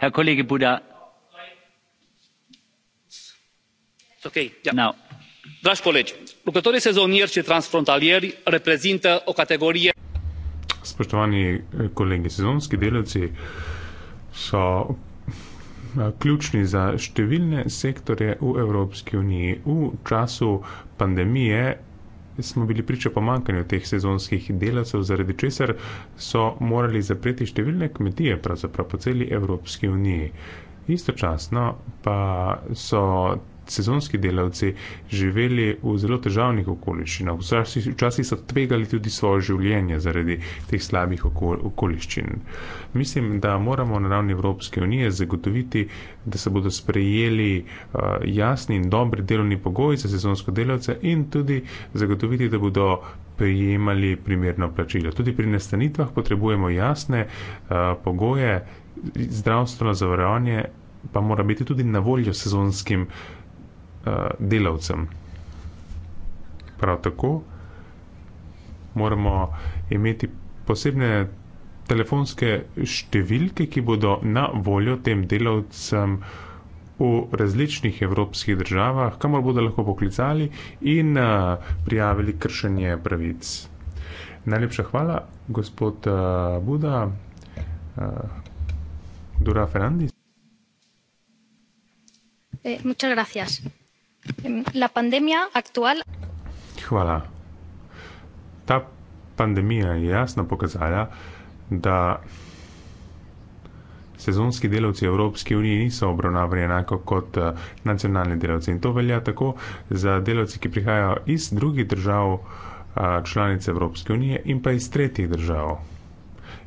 herr kollege buda dragi colegi lucrătorii sezonieri și transfrontalieri reprezintă o categorie. spoštovani eh, kolegi sezonski delavci so eh, ključni za številne sektorje v evropski uniji v času pandemije smo bili priča pomankanju teh sezonskih delavcev, zaradi česar so morali zapreti številne kmetije, pravzaprav po celi Evropski uniji. Istočasno pa so sezonski delavci živeli v zelo težavnih okoliščinah. Včasih so tvegali tudi svoje življenje zaradi teh slabih okoliščin. Mislim, da moramo na ravni Evropske unije zagotoviti, da se bodo sprejeli eh, jasni in dobri delovni pogoji za sezonsko delavce in tudi zagotoviti, da bodo prijemali primerno plačilo. Tudi pri nastanitvah potrebujemo jasne eh, pogoje, zdravstveno zavarovanje pa mora biti tudi na voljo sezonskim delavcem. Eh, delavcem. Prav tako moramo imeti posebne telefonske številke, ki bodo na voljo tem delavcem v različnih evropskih državah, kamor bodo lahko poklicali in eh, prijavili kršenje pravic. Najlepša hvala, gospod eh, Buda, Dura Fernandez. Eh, muchas gracias. La pandemija aktual. Hvala. Ta pandemija je jasno pokazala, da sezonski delavci Evropske unije niso obravnavani enako kot eh, nacionalni delavci. In to velja tako za delavci, ki prihajajo iz drugih držav eh, članic Evropske unije in pa iz tretjih držav.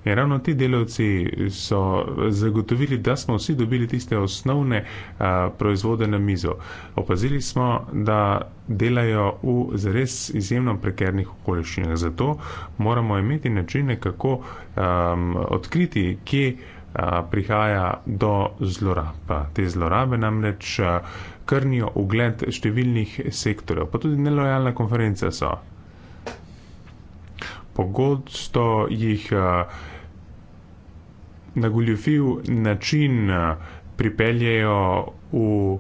In ravno ti delavci so zagotovili, da smo vsi dobili tiste osnovne a, proizvode na mizo. Opazili smo, da delajo v zares izjemno prekernih okoliščinah. Zato moramo imeti načine, kako a, odkriti, kje a, prihaja do zlorab. Te zlorabe namreč a, krnijo ugled številnih sektorjev, pa tudi nelojalna konferenca so. Pogosto jih. A, na goljofiv način eh, pripeljejo v uh,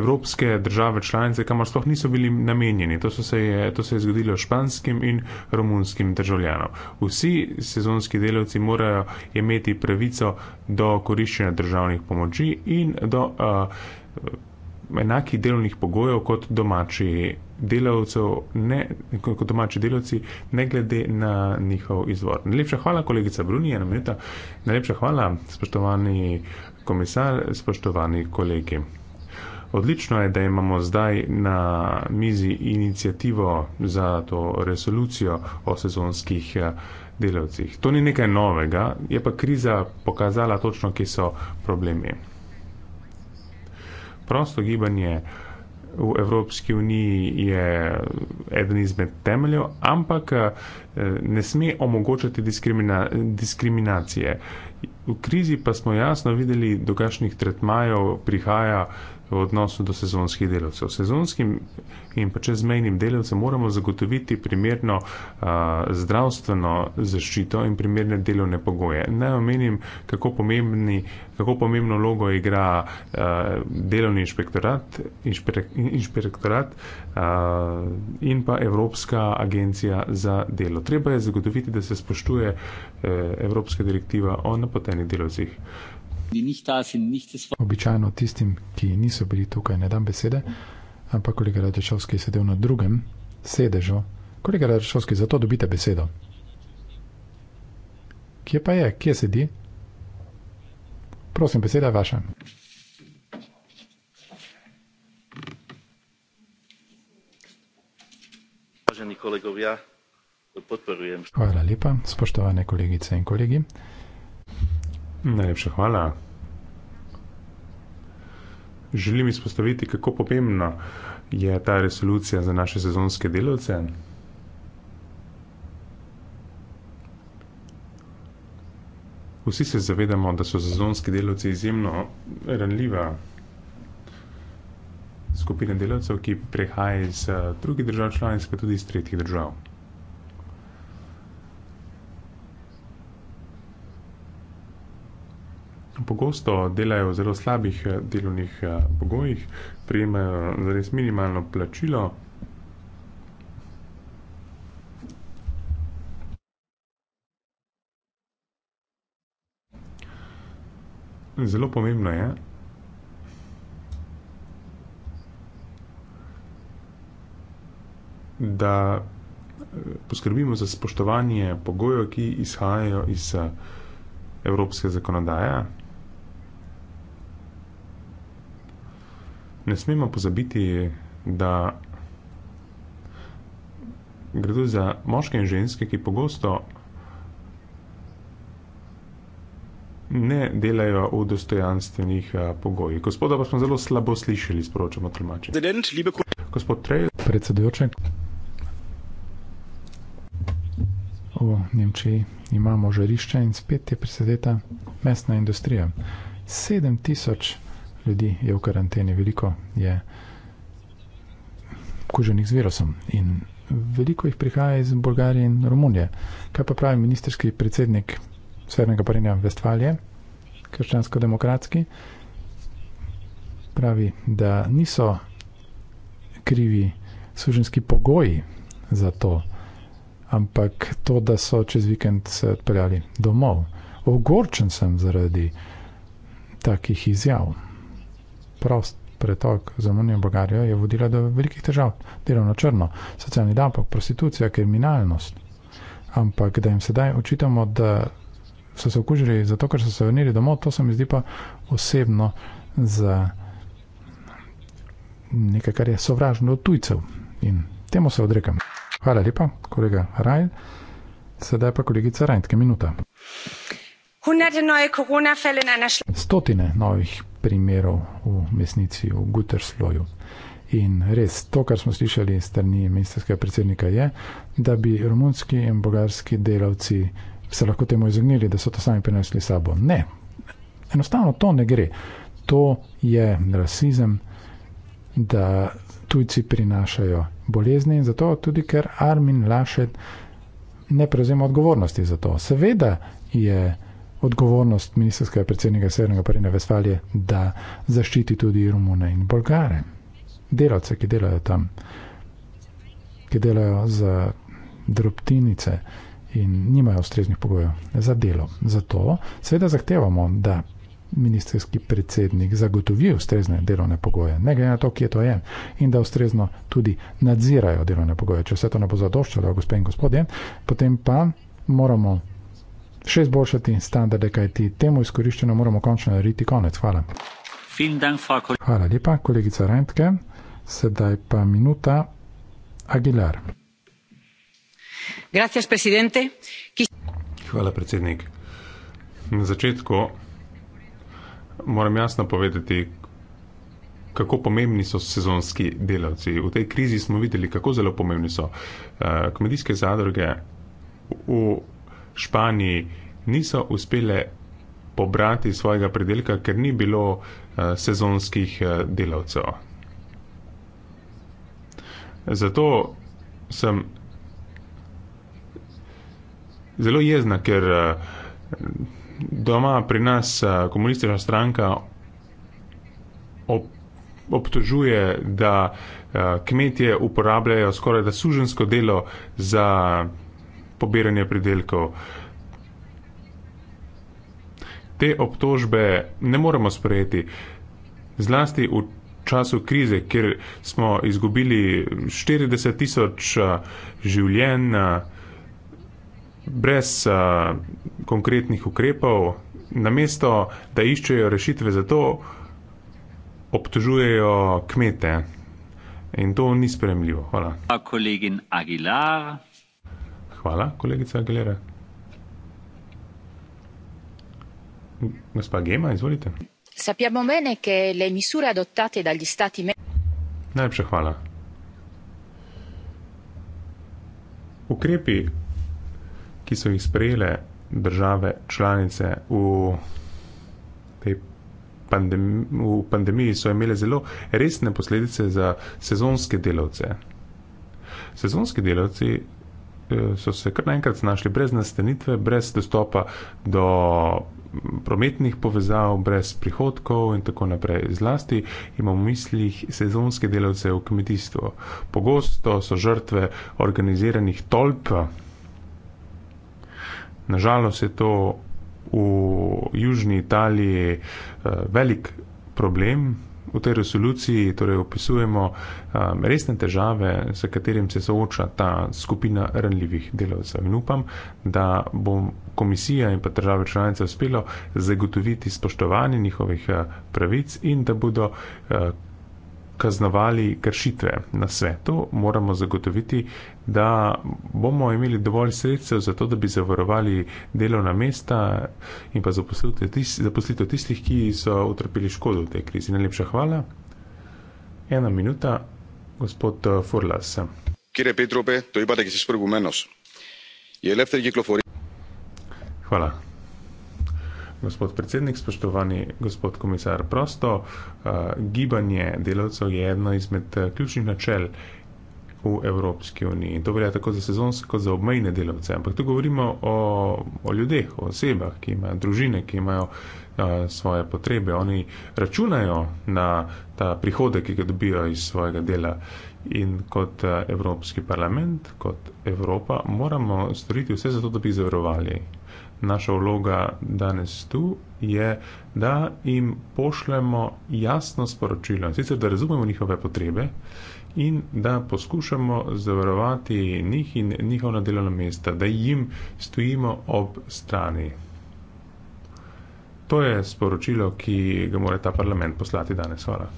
evropske države članice, kamor sploh niso bili namenjeni. To, so se je, to se je zgodilo španskim in romunskim državljanom. Vsi sezonski delavci morajo imeti pravico do koriščenja državnih pomoči in do. Uh, enakih delovnih pogojev kot domači delavcev, ne, kot domači delavci, ne glede na njihov izvor. Najlepša hvala, kolegica Bruni, ena minuta. Najlepša hvala, spoštovani komisar, spoštovani kolegi. Odlično je, da imamo zdaj na mizi inicijativo za to resolucijo o sezonskih eh, delavcih. To ni nekaj novega, je pa kriza pokazala točno, kje so problemi prosto gibanje v Evropski uniji je eden izmed temeljev, ampak eh, ne sme omogočati diskrimina, diskriminacije. V krizi pa smo jasno videli, do kakšnih tretmajev prihaja v odnosu do sezonskih delavcev. Sezonskim in pa čezmejnim delavcem moramo zagotoviti primerno a, zdravstveno zaščito in primerne delovne pogoje. Naj omenim, kako, pomembni, kako pomembno logo igra a, delovni inšpektorat, inšpre, inšpektorat a, in pa Evropska agencija za delo. Treba je zagotoviti, da se spoštuje a, e, Evropska direktiva o napotenih delovcih. Ni njih ta, ni njih tesno. Običajno tistim, ki niso bili tukaj, ne dam besede, ampak kolega Radešovski je sedel na drugem sedežu. Kolega Radešovski, zato dobite besedo. Kje pa je, kje sedi? Prosim, beseda je vaša. Kolegovja, Hvala lepa, spoštovane kolegice in kolegi. Najlepša hvala. Želim izpostaviti, kako pomembna je ta resolucija za naše sezonske delavce. Vsi se zavedamo, da so sezonski delavci izjemno ranljiva skupina delavcev, ki prihaja iz eh, drugih držav članic, pa tudi iz tretjih držav. pogosto delajo v zelo slabih eh, delovnih eh, pogojih, prejemajo zares minimalno plačilo. Zelo pomembno je, da eh, poskrbimo za spoštovanje pogojev, ki izhajajo iz evropske zakonodaje. ne smemo pozabiti, da gre tudi za moške in ženske, ki pogosto ne delajo v dostojanstvenih pogojih. Gospoda pa smo zelo slabo slišali, sporočamo tlmači. Gospod Trej, predsedujoče. V Nemčiji imamo žarišče in spet je prisedeta mestna industrija. 7000 ljudi je v karanteni, veliko je kuženih z virusom in veliko jih prihaja iz Bolgarije in Romunije. Kaj pa pravi ministerski predsednik Svernega parenja Vestfalije, krščansko-demokratski, pravi, da niso krivi suženski pogoji za to, ampak to, da so čez vikend se odpeljali domov. Ogorčen sem zaradi takih izjav prost pretok za Munijo in Bolgarijo je vodila do velikih težav. Delovno črno, socialni dampok, prostitucija, kriminalnost. Ampak da jim sedaj očitamo, da so se okužili zato, ker so se vrnili domov, to se mi zdi pa osebno za nekaj, kar je sovražno od tujcev. In temu se odrekam. Hvala lepa, kolega Rajl. Sedaj pa kolegica Rajnke, minuta. Stotine novih primerov v mesnici v Gutersloju. In res, to, kar smo slišali strani ministrskega predsednika, je, da bi romunski in bolgarski delavci se lahko temu izognili, da so to sami prinesli sabo. Ne, enostavno to ne gre. To je rasizem, da tujci prinašajo bolezni in zato tudi, ker Armin Lašet ne prevzema odgovornosti za to. Seveda je odgovornost ministrskega predsednika Severnega Parina Vesfalije, da zaščiti tudi Romune in Bolgare, delavce, ki delajo tam, ki delajo za drobtinice in nimajo ustreznih pogojev za delo. Zato seveda zahtevamo, da ministerski predsednik zagotovi ustrezne delovne pogoje, ne glede na to, kje to je, in da ustrezno tudi nadzirajo delovne pogoje. Če vse to ne bo zadoščalo, gospe in gospodje, potem pa moramo še izboljšati standarde, kaj ti temu izkoriščeno moramo končno narediti konec. Hvala. Hvala lepa, kolegica Rentke. Sedaj pa minuta Aguilar. Gracias, presidente. Ki... Hvala, predsednik. Na začetku moram jasno povedati, kako pomembni so sezonski delavci. V tej krizi smo videli, kako zelo pomembni so eh, kmetijske zadruge v Španiji niso uspele pobrati svojega predelka, ker ni bilo uh, sezonskih uh, delavcev. Zato sem zelo jezna, ker uh, doma pri nas uh, komunistična stranka ob, obtožuje, da uh, kmetje uporabljajo skoraj da suženjsko delo za. Uh, pobiranje pridelkov. Te obtožbe ne moremo sprejeti, zlasti v času krize, kjer smo izgubili 40 tisoč življenj brez konkretnih ukrepov, namesto da iščejo rešitve za to, obtožujejo kmete. In to ni spremljivo. Hvala. Hvala, kolegica Aguilera. Gospa Gema, izvolite. Sappiamo bene che le misure adottate dagli stati membri. Najlepša hvala. Ukrepi, ki so jih sprejele države članice v tej pandemi, v pandemiji, so imele zelo resne posledice za sezonske delavce. Sezonski delavci so se kar naenkrat znašli brez nastanitve, brez dostopa do prometnih povezav, brez prihodkov in tako naprej. Zlasti imamo v mislih sezonske delavce v kmetijstvu. Pogosto so žrtve organiziranih tolp. Nažalost je to v južni Italiji eh, velik problem, v tej resoluciji torej opisujemo um, resne težave, s katerim se sooča ta skupina ranljivih delavcev. In upam, da bo komisija in pa države članice uspelo zagotoviti spoštovanje njihovih uh, pravic in da bodo. Uh, Kaznovali kršitve na svetu, moramo zagotoviti, da bomo imeli dovolj sredstev za to, da bi zavarovali delovna mesta in pa zaposlitev tistih, ki so utrpeli škodo v tej krizi. Najlepša hvala. Ena minuta, gospod eh, Furlas. Kire Petrope, to je pa da, ki si sprgu menos. Je lepter kiklofori. Hvala. Gospod predsednik, spoštovani gospod komisar, prosto, eh, gibanje delavcev je eno izmed eh, ključnih načel v Evropski uniji. To velja tako za sezonske, kot za obmejne delavce. Ampak tu govorimo o, o ljudeh, o osebah, ki imajo družine, ki imajo a, svoje potrebe. Oni računajo na ta prihodek, ki ga dobijo iz svojega dela. In kot a, Evropski parlament, kot Evropa, moramo storiti vse za to, da bi jih zavarovali. Naša vloga danes tu je, da jim pošljemo jasno sporočilo. Sicer, da razumemo njihove potrebe, in da poskušamo zavarovati njih in njihovna delovna mesta, da jim stojimo ob strani. To je sporočilo, ki ga mora ta parlament poslati danes. Hvala.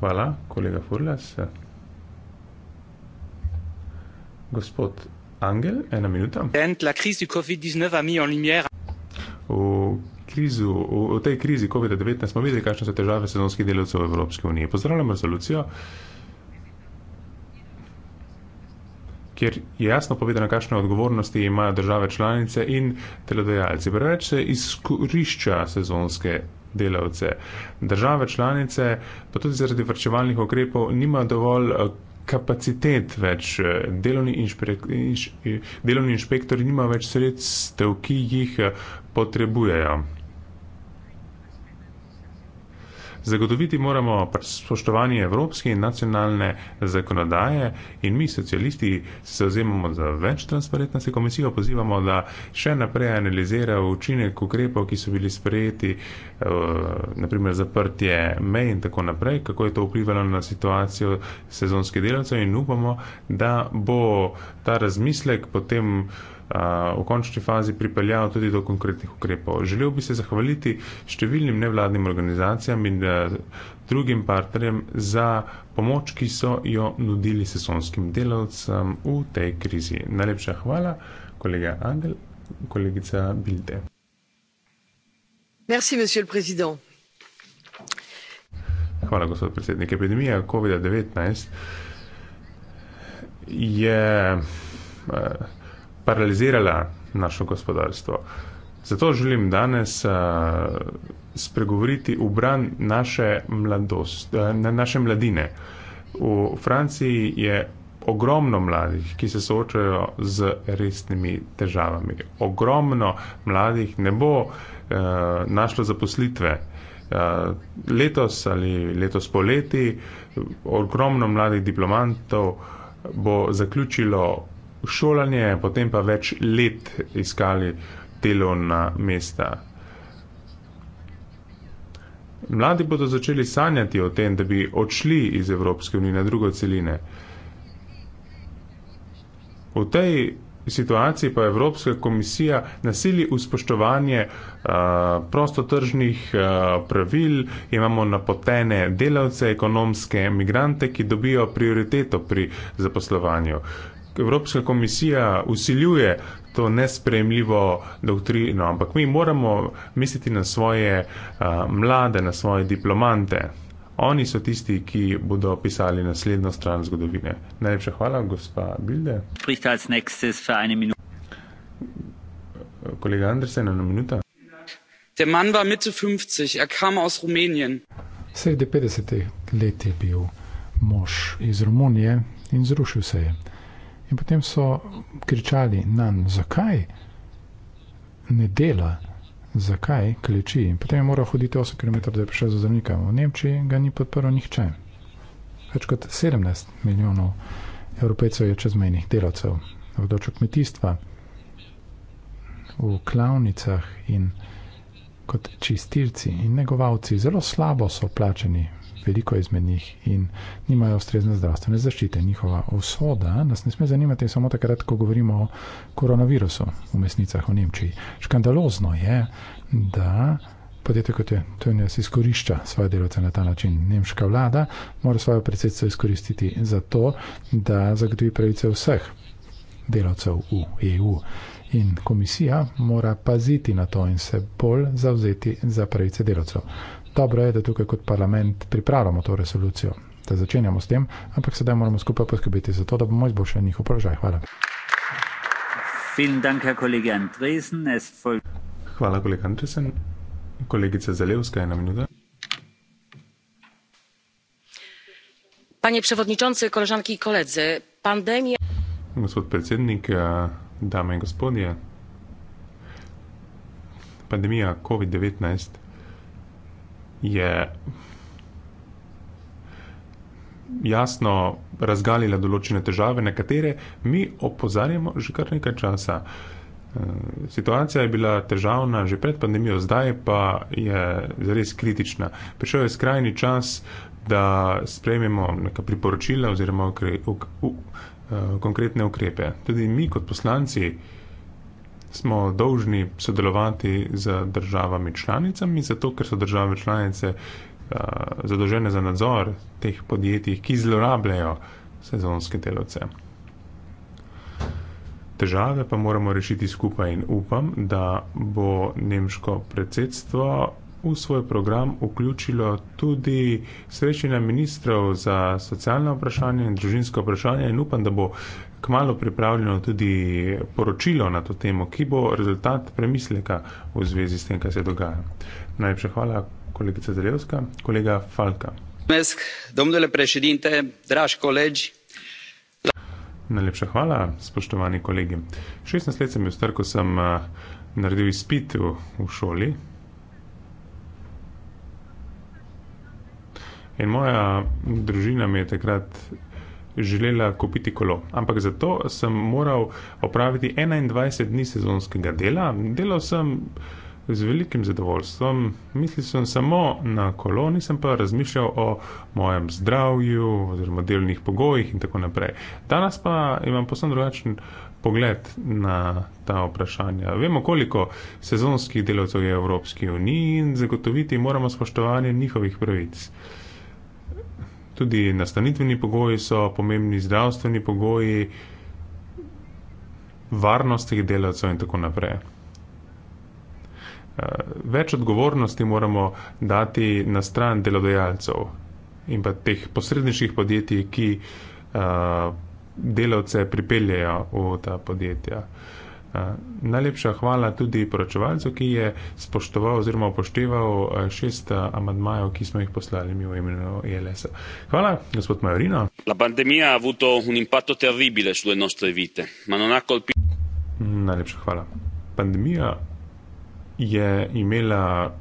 Hvala, kolega Furlas. Gospod Angel, ena minuta. V krizu, v tej krizi COVID-19 smo videli, kakšne so težave sezonskih delavcev v Evropski uniji. Pozdravljam rezolucijo, kjer je jasno povedano, kakšne odgovornosti imajo države članice in teledojalci. Preveč se izkorišča sezonske delavce. Države članice, pa tudi zaradi vrčevalnih ukrepov, nima dovolj eh, kapacitet več. Eh, delovni, inšpek, inš, eh, delovni inšpektori nima več sredstev, ki jih potrebujejo. Zagotoviti moramo spoštovanje evropske in nacionalne zakonodaje in mi socialisti se ozemamo za več transparentnosti. Komisijo pozivamo, da še naprej analizira učinek ukrepov, ki so bili sprejeti, eh, naprimer zaprtje mej in tako naprej, kako je to vplivalo na situacijo sezonskih delavcev in upamo, da bo ta razmislek potem v končni fazi pripeljalo tudi do konkretnih ukrepov. Želel bi se zahvaliti številnim nevladnim organizacijam in drugim partnerjem za pomoč, ki so jo nudili sezonskim delavcem v tej krizi. Najlepša hvala, kolega Angel, kolegica Bilde. Merci, monsieur le président. Hvala, gospod predsednik. Epidemija COVID-19 je paralizirala naše gospodarstvo. Zato želim danes uh, spregovoriti v bran naše, mladost, uh, naše mladine. V Franciji je ogromno mladih, ki se soočajo z resnimi težavami. Ogromno mladih ne bo uh, našlo zaposlitve. Uh, letos ali letos poleti ogromno mladih diplomantov bo zaključilo šolanje, potem pa več let iskali delovna mesta. Mladi bodo začeli sanjati o tem, da bi odšli iz Evropske unije na drugo celine. V tej situaciji pa Evropska komisija nasili uspoštovanje uh, prostotržnih uh, pravil, imamo napotene delavce, ekonomske emigrante, ki dobijo prioriteto pri zaposlovanju. Evropska komisija usiljuje to nespremljivo doktrino, ampak mi moramo misliti na svoje a, mlade, na svoje diplomante. Oni so tisti, ki bodo pisali naslednjo stran zgodovine. Najlepša hvala, gospa Bilde. Kolega Andresen, ena minuta. Der Mann war Mitte 50, er kam aus Rumänien. Sredi 50-ih let je bil mož iz Romunije in zrušil se je. In potem so kričali na nj, zakaj ne dela, zakaj kliči. In potem je moral hoditi 8 km, da je prišel za zdravnika. V Nemčiji ga ni podprl nihče. Več kot 17 milijonov evropejcev je čezmejnih delavcev na področju kmetijstva, v klavnicah in kot čistilci in negovalci. Zelo slabo so plačeni veliko izmed njih in nimajo ustrezne zdravstvene zaščite. Njihova usoda nas ne sme zanimati samo takrat, ko govorimo o koronavirusu v mesnicah v Nemčiji. Škandalozno je, da podjetje kot je Tönnies izkorišča svoje delovce na ta način. Nemška vlada mora svojo predsedstvo izkoristiti za to, da zagotovi pravice vseh delavcev v EU. In komisija mora paziti na to in se bolj zauzeti za pravice delavcev dobro je, da tukaj kot parlament pripravljamo to resolucijo, da začenjamo s tem, ampak sedaj moramo skupaj poskrbeti za to, da bomo izboljšali njihov položaj. Hvala. Hvala, kolega Andresen. Kolegica Zalewska, ena minuta. Panie przewodniczący, koleżanki i koledzy, pandemia. Panie przewodniczący, e, damy i gospodzie, pandemia COVID-19 je jasno razgalila določene težave, na katere mi opozarjamo že kar nekaj časa. E, situacija je bila težavna že pred pandemijo, zdaj pa je zares kritična. Prišel je skrajni čas, da sprejmemo neka priporočila oziroma ukre, u, u, u, e, konkretne ukrepe. Tudi mi kot poslanci uh, smo dolžni sodelovati z državami članicami, zato ker so države članice uh, eh, zadožene za nadzor teh podjetij, ki zlorabljajo sezonske delovce. Težave pa moramo rešiti skupaj in upam, da bo nemško predsedstvo v svoj program vključilo tudi srečanje ministrov za socialne vprašanje in družinsko vprašanje in upam, da bo kmalo pripravljeno tudi poročilo na to temo, ki bo rezultat premisleka v zvezi s tem, kaj se dogaja. Najlepša hvala, kolegica Zarevska, kolega Falka. Najlepša hvala, spoštovani kolegi. 16 let sem bil star, ko sem eh, naredil izpit v, v šoli. In moja družina mi je takrat želela kupiti kolo. Ampak za to sem moral opraviti 21 dni sezonskega dela. Delal sem z velikim zadovoljstvom, mislil sem samo na kolo, nisem pa razmišljal o mojem zdravju oziroma delovnih pogojih in tako naprej. Danes pa imam posebno drugačen. Pogled na ta vprašanja. Vemo, koliko sezonskih delavcev je v Evropski uniji in zagotoviti moramo spoštovanje njihovih pravic. Uh, tudi nastanitveni pogoji so pomembni, zdravstveni pogoji, varnost teh delavcev in tako naprej. Eh, več odgovornosti moramo dati na stran delodajalcev in pa teh posredniških podjetij, ki eh, delavce pripeljejo v ta podjetja. Uh, Najlepša hvala tudi poročevalcu, ki je spoštoval oziroma upošteval šest amadmajev, ki smo jih poslali mi v imenu ELS. -a. Hvala, gospod Majorino. La pandemija ha avuto un impatto terribile sulle nostre vite, ma non ha colpi. Mm, najlepša hvala. Pandemija je imela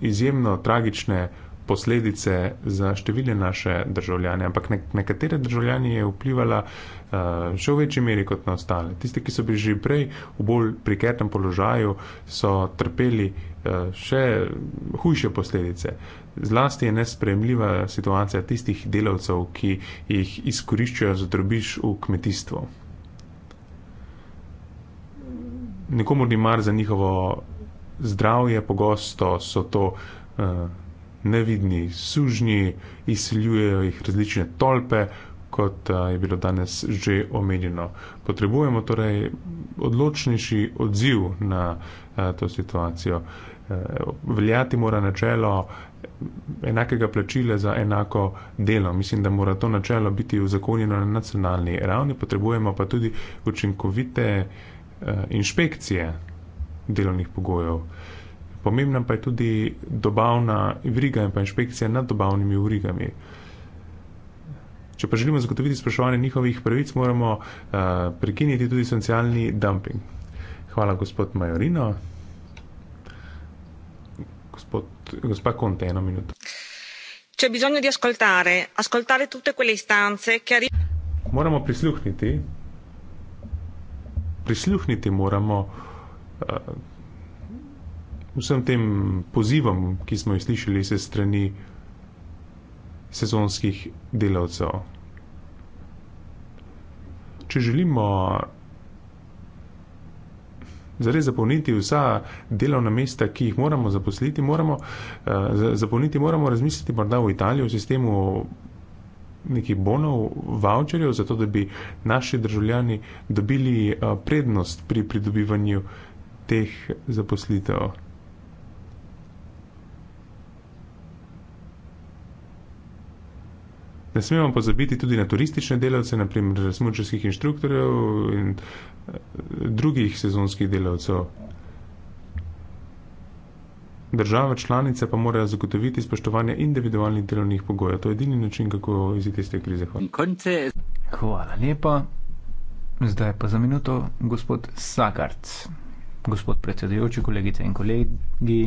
izjemno tragične posledice za številne naše državljane, ampak na ne, nekatere državljani je vplivala uh, še v večji meri kot na ostale. Tisti, ki so bili že prej v bolj prikertem položaju, so trpeli uh, še hujše posledice. Zlasti je nespremljiva situacija tistih delavcev, ki jih izkoriščajo za drobiš v kmetijstvo. Nekomu ni mar za njihovo zdravje, pogosto so to uh, nevidni sužnji, izsiljujejo jih različne tolpe, kot je bilo danes že omenjeno. Potrebujemo torej odločnejši odziv na to situacijo. E, veljati mora načelo enakega plačila za enako delo. Mislim, da mora to načelo biti uzakonjeno na nacionalni ravni, potrebujemo pa tudi učinkovite e, inšpekcije delovnih pogojev. Pomembna pa je tudi dobavna vriga in pa inšpekcija nad dobavnimi vrigami. Če pa želimo zagotoviti spraševanje njihovih pravic, moramo uh, prekiniti tudi socialni dumping. Hvala, gospod Majorino. Gospod, gospa Konte, eno minuto. Če je bisogno di ascoltare, ascoltare tutte quelle istance, ki arrivano. Moramo prisluhniti, prisluhniti moramo. Uh, vsem tem pozivom, ki smo jih slišali se strani sezonskih delavcev. Če želimo zares zapolniti vsa delovna mesta, ki jih moramo zaposliti, moramo, uh, zapolniti, moramo razmisliti morda v Italiji v sistemu nekih bonov, voucherjev, zato da bi naši državljani dobili uh, prednost pri pridobivanju teh zaposlitev. Ne smemo pozabiti tudi na turistične delavce, naprimer smučarskih inštruktorjev in eh, drugih sezonskih delavcev. Država članice pa morajo zagotoviti spoštovanje individualnih delovnih pogojev. To je edini način, kako izide iz te krize. Hvala. Hvala lepa. Zdaj pa za minuto gospod Sakarc. Gospod predsedujoči, kolegice in kolegi.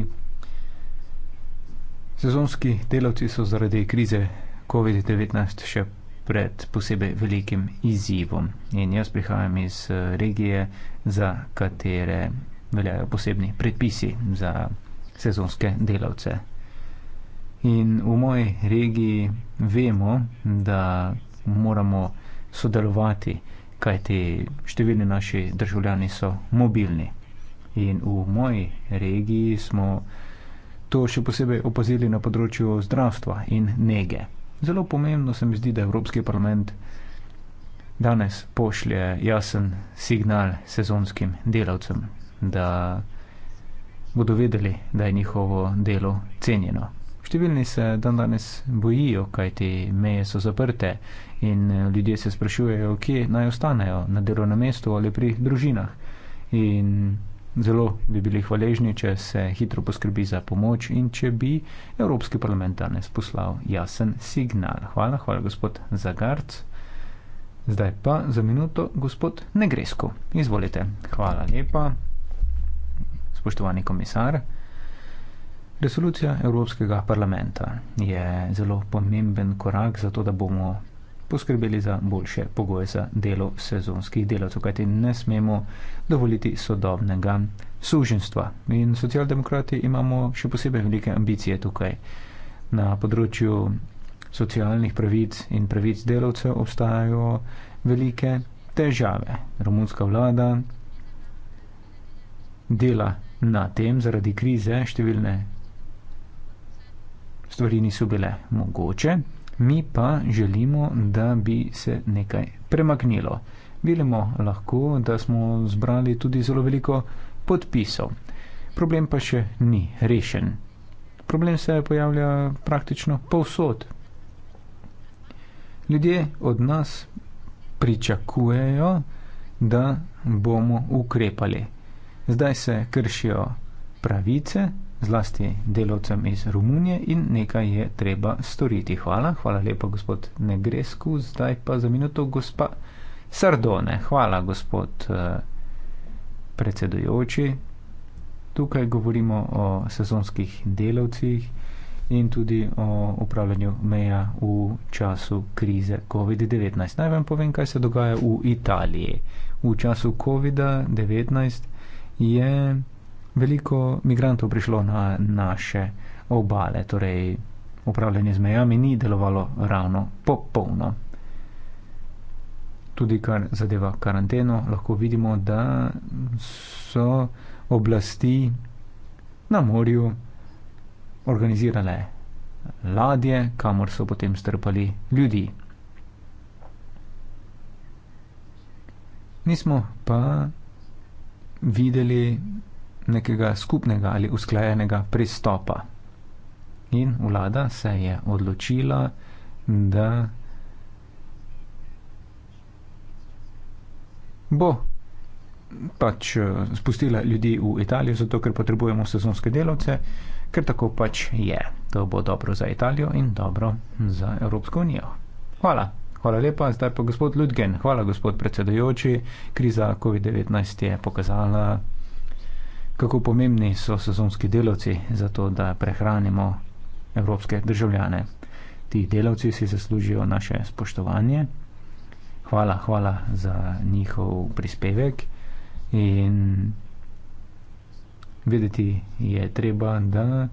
Sezonski delavci so zaradi krize COVID-19 še pred posebej velikim izzivom. In jaz prihajam iz eh, regije, za katere veljajo posebni predpisi za sezonske delavce. In v moji regiji vemo, da moramo sodelovati, kajti številni naši državljani so mobilni. In v moji regiji smo to še posebej opazili na področju zdravstva in nege. Zelo pomembno se mi zdi, da Evropski parlament danes pošlje jasen signal sezonskim delavcem, da bodo vedeli, da je njihovo delo cenjeno. Številni se dan danes bojijo, kaj te meje so zaprte in eh, ljudje se sprašujejo, kje naj ostanejo, na delovnem mestu ali pri družinah. In zelo bi bili hvaležni, če se hitro poskrbi za pomoč in če bi Evropski parlament danes poslal jasen signal. Hvala, hvala gospod Zagarc. Zdaj pa za minuto gospod Negresko. Izvolite. Hvala lepa, spoštovani komisar. Resolucija Evropskega parlamenta je zelo pomemben korak za to, da bomo poskrbeli za boljše pogoje za delo sezonskih delavcev, kajti ne smemo dovoliti sodobnega suženstva. In socialdemokrati imamo še posebej velike ambicije tukaj. Na področju socialnih pravic in pravic delavcev obstajajo velike težave. Romunska vlada dela na tem zaradi krize številne. Stvari niso bile mogoče, mi pa želimo, da bi se nekaj premaknilo. Vidimo lahko, da smo zbrali tudi zelo veliko podpisov. Problem pa še ni rešen. Problem se pojavlja praktično povsod. Ljudje od nas pričakujejo, da bomo ukrepali. Zdaj se kršijo pravice, zlasti delovcem iz Romunije in nekaj je treba storiti. Hvala, hvala lepa, gospod Negresku. Zdaj pa za minuto, gospa Sardone. Hvala, gospod eh, predsedujoči. Tukaj govorimo o sezonskih delavcih in tudi o upravljanju meja v času krize COVID-19. Naj vam povem, kaj se dogaja v Italiji. V času COVID-19 je veliko migrantov prišlo na naše obale, torej upravljanje z mejami ni delovalo ravno popolno. Tudi kar zadeva karanteno, lahko vidimo, da so oblasti na morju organizirale ladje, kamor so potem strpali ljudi. Nismo pa videli nekega skupnega ali usklajenega pristopa. In vlada se je odločila, da bo pač eh, spustila ljudi v Italijo, zato ker potrebujemo sezonske delavce, ker tako pač je. To bo dobro za Italijo in dobro za Evropsko unijo. Hvala. Hvala lepa, zdaj pa gospod Ludgen. Hvala, gospod predsedojoči. Kriza COVID-19 je pokazala, kako pomembni so sezonski delavci za to, da prehranimo evropske državljane. Ti delavci si zaslužijo naše spoštovanje. Hvala, hvala za njihov prispevek. In vedeti je treba, da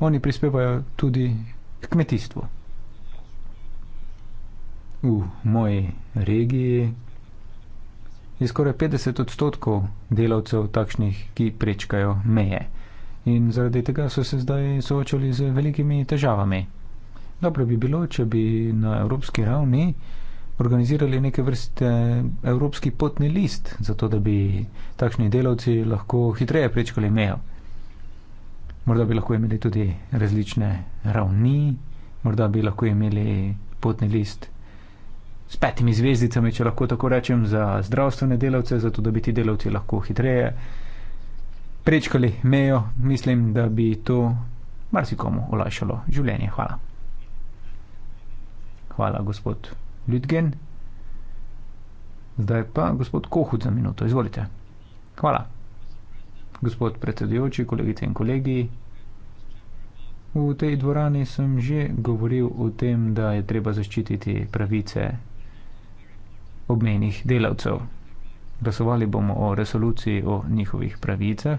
oni prispevajo tudi k kmetijstvu. V moji regiji je skoraj 50 odstotkov delavcev takšnih, ki prečkajo meje. In zaradi tega so se zdaj soočali z velikimi težavami. Dobro bi bilo, če bi na evropski ravni organizirali neke vrste evropski potni list, zato da bi takšni delavci lahko hitreje prečkali mejo. Morda bi lahko imeli tudi različne ravni, morda bi lahko imeli potni list s petimi zvezdicami, če lahko tako rečem, za zdravstvene delavce, zato da bi ti delavci lahko hitreje prečkali mejo. Mislim, da bi to marsikomu olajšalo življenje. Hvala. Hvala, gospod Ljudgen. Zdaj pa gospod Kohut za minuto. Izvolite. Hvala. Gospod predsedujoči, kolegice in kolegi, v tej dvorani sem že govoril o tem, da je treba zaščititi pravice obmejnih delavcev. Glasovali bomo o resoluciji o njihovih pravicah,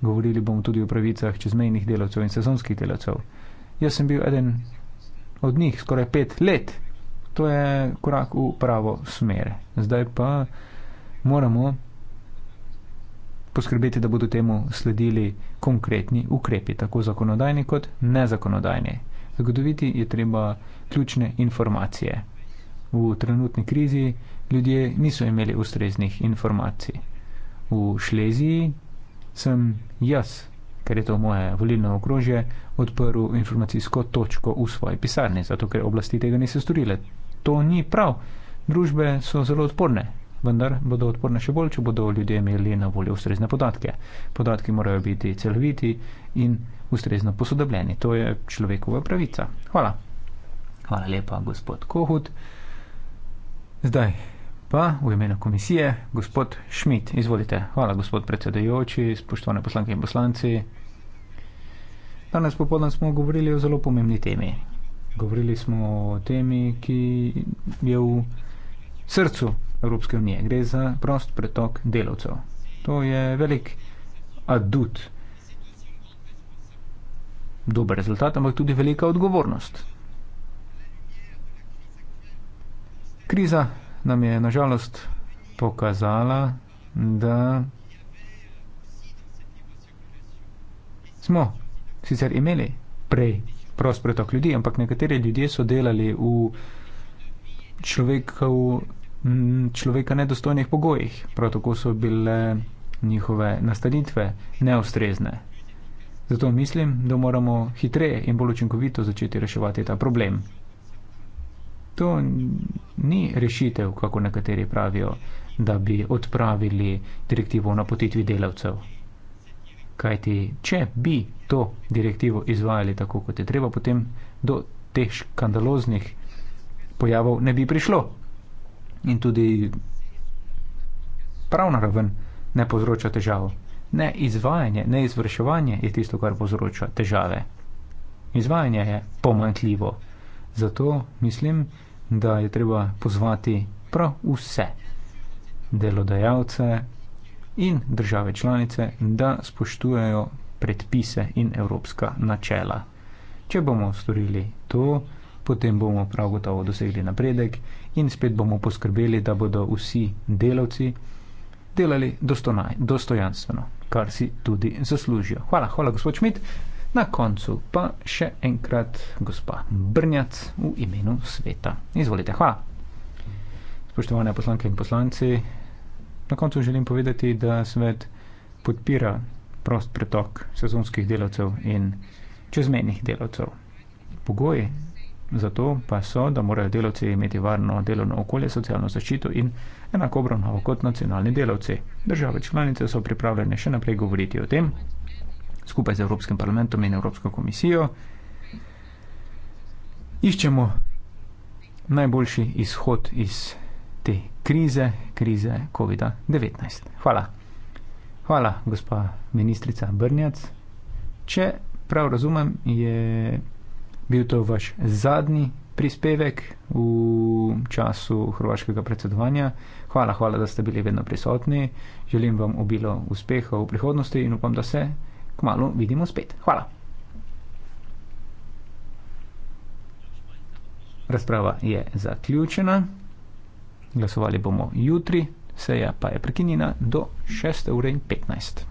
govorili bomo tudi o pravicah čezmejnih delavcev in sezonskih delavcev. Jaz sem bil eden od njih skoraj pet let. To je korak v pravo smer. Zdaj pa moramo poskrbeti, da bodo temu sledili konkretni ukrepi, tako zakonodajni kot nezakonodajni. Zagotoviti je treba ključne informacije. V trenutni krizi ljudje niso imeli ustreznih informacij. V Šleziji sem jaz, ker je to moje volilno okrožje, odprl informacijsko točko v svoji pisarni, zato ker oblasti tega niso storile. To ni prav. Družbe so zelo odporne, vendar bodo odporne še bolj, če bodo ljudje imeli na voljo ustrezne podatke. Podatki morajo biti celoviti in ustrezno posodobljeni. To je človekova pravica. Hvala. Hvala lepa, gospod Kohut. Zdaj, pa v imenu komisije gospod Šmit. Izvolite. Hvala, gospod predsedajoči, spoštovane poslanke in poslanci. Danes popoldne smo govorili o zelo pomembni temi. Govorili smo o temi, ki je v srcu Evropske unije. Gre za prost pretok delavcev. To je velik adut. Dober rezultat, ampak tudi velika odgovornost. Kriza nam je nažalost pokazala, da smo sicer imeli prej prost pretok ljudi, ampak nekateri ljudje so delali v človeka, v človeka nedostojnih pogojih. Prav tako so bile njihove nastanitve neustrezne. Zato mislim, da moramo hitreje in bolj učinkovito začeti reševati ta problem to ni rešitev, kako nekateri pravijo, da bi odpravili direktivo o napotitvi delavcev. Kajti, če bi to direktivo izvajali tako, kot je treba, potem do teh škandaloznih pojavov ne bi prišlo. In tudi pravna raven ne povzroča težav. Ne izvajanje, ne izvrševanje je tisto, kar povzroča težave. Izvajanje je pomankljivo. Zato mislim, da je treba pozvati prav vse delodajalce in države članice, da spoštujejo predpise in evropska načela. Če bomo storili to, potem bomo prav gotovo dosegli napredek in spet bomo poskrbeli, da bodo vsi delavci delali dostojanstveno, kar si tudi zaslužijo. Hvala, hvala, gospod Šmit. Na koncu pa še enkrat gospa Brnjac v imenu sveta. Izvolite, hvala. Spoštovane poslanke in poslanci, na koncu želim povedati, da svet podpira prost pretok sezonskih delavcev in čezmenjih delavcev. Pogoji za to pa so, da morajo delavci imeti varno delovno okolje, socialno zaščito in enako obravnavo kot nacionalni delavci. Države članice so pripravljene še naprej govoriti o tem, skupaj z Evropskim parlamentom in Evropsko komisijo. Iščemo najboljši izhod iz te krize, krize COVID-19. Hvala. Hvala, gospa ministrica Brnjac. Če prav razumem, je bil to vaš zadnji prispevek v času hrvaškega predsedovanja. Hvala, hvala, da ste bili vedno prisotni. Želim vam obilo uspeha v prihodnosti in upam, da se kmalo vidimo spet. Hvala. Razprava je zaključena. Glasovali bomo jutri, seja pa je prekinjena do 6 ure in 15.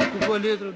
ocupa letra.